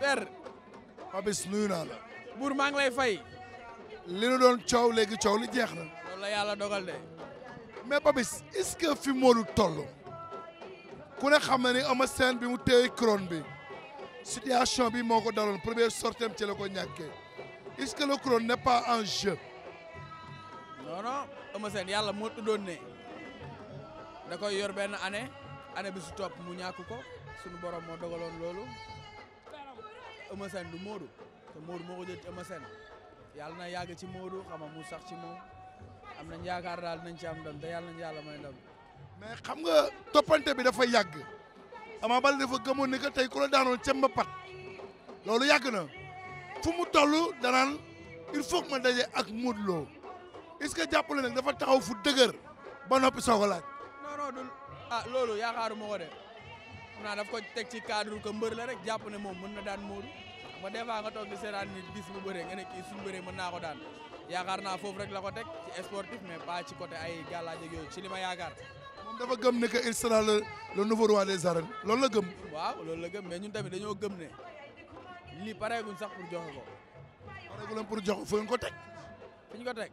père Papis nuyu naa la buur lay fay li nu doon coow léegi coow li jeex na loolu la yàlla dogal de mais Papis est-ce que fi Modou toll ku ne xam na ni ama bi mu téye couronne bi situation bi moo ko daloon première sortie am ci la ko ñàkkee est-ce que le couronne n'est pas en jeu non non yàlla moo tuddoon ne da koy yor benn année année bi su mu ñàkk ko suñu borom moo dogaloon loolu Eumeu Sène du Modou te Modou moo ko jël ci Eumeu Sène na yàgg ci Modou xam mu sax ci moom am nañ yaakaar daal nañ ci am ndam te yàlla nañ yàlla may ndam. mais xam nga toppante bi dafa yàgg Ama Baldé dafa gëmoon ni que tey ku la daanoon ca mbapat loolu yàgg na fu mu toll danaan il faut ma daje ak Modou Lo est-ce que jàppale nag dafa taxaw fu dëgër ba noppi soog a laaj. non non du ah loolu yaakaaruma ko de. xam naa daf ko teg ci cadre que mbër la rek jàpp ne moom mën na daan Modou ba des fois nga toog di seetaan nit bis bu bëree nga ne kii suñu bëree mën naa ko daan yaakaar naa foofu rek la ko teg ci sportif mais pas ci côté ay gàllaaj ak yooyu ci li ma yaakaar. moom dafa gëm ne que il sera le le nouveau roi loolu la gëm. waaw loolu la gëm mais ñun tamit dañoo gëm ne lii pareeguñ sax pour joxe ko. pareeguñ pour jox ko fu ñu ko teg. fi ko teg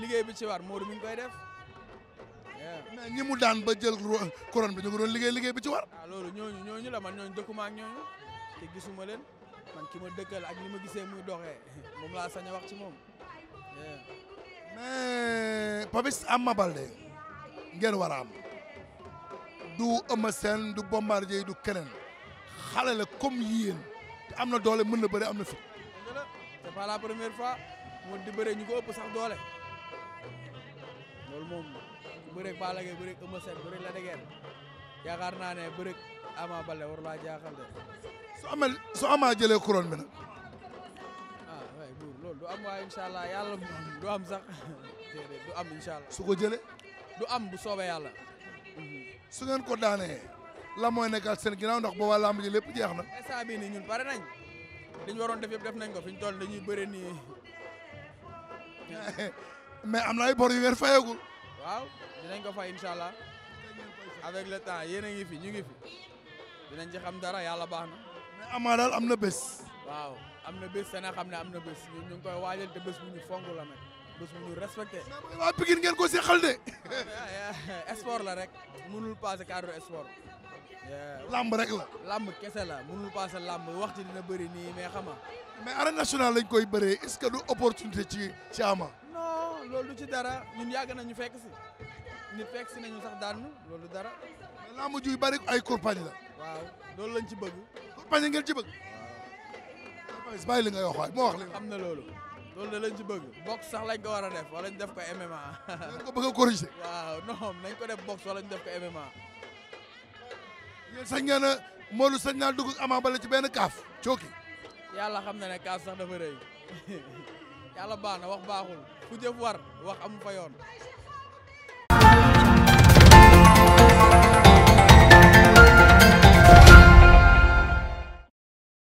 liggéey bi ci war mi ngi koy def. mais ñi mu daan ba jël couronne bi ñu ngi doon liggéey liggéey bi ci war. waaw ah, loolu ñooñu ñooñu la man ñooñu dëkkuma ñooñu te gisuma leen man ki ma dëkkal ak li ma gisee muy doxee moom laa sañ wax ci moom. mais Papis Ama Baldé ngeen war am du Eumeu Sène du Bombardier du keneen xale la comme yéen am na doole mën na bëre am na fit. c'est pas première fois moom di bëre ñu ko ëpp sax doole. loolu moom bëreeg Balla Gaye bëreeg Eumeu Sène bëreeg Lac yaakaar naa ne bëreeg Ama Baldé war laa jaaxal de. su ama su ama jëlee couronne bi nag. ah oui loolu du am waa allah yàlla du am sax du am incha su ko jëlee. du am bu soobee yàlla. su ngeen ko daanee la mooy seen ginnaaw ndax boobaa lamb ji lépp jeex na. instant bii nii ñun nañ li waroon def yëpp def nañ ko fi ñu dañuy bëre nii. waaw dinañ ko fay incha allah avec le temps yéen a ngi fi ñu ngi fi dinañ ci xam dara yàlla baax mais Ama daal am na bés. waaw am na bés seen xam ne am na bés ñun ñu ngi koy waajal te bés bu ñu fonk la nag bés bu ñu respecté. waa Pikine ngeen ko seqal de. sport la rek mënul passé cadre sport. lamb rek la. lamb kese la mënul passé lamb waxtu dina bëri nii mais xama mais arène nationale lañ koy bëree est-ce que du opportunité ci ci non loolu ci dara ñun yàgg nañu fekk si nit fekk si nañu sax daan loolu dara. mais lamb ju bari ay compagnie la. waaw loolu lañ ci bëgg. compagnie ngeen ci bëgg. waaw. bàyyi li nga wax waay moo wax li am na loolu. loolu da lañ ci bëgg box sax lañ ko war a def wala ñu def ko MMA. dañ ko bëgg a corriger. waaw non nañ ko def box def ko MMA. yéen sañ ngeen a Modou sañ naa dugg ak Ama Baldé ci benn kaaf. cooki. yàlla xam na ne kaaf sax dafa rëy. yàlla baax na wax baaxul ku jëf war wax amu fa yoon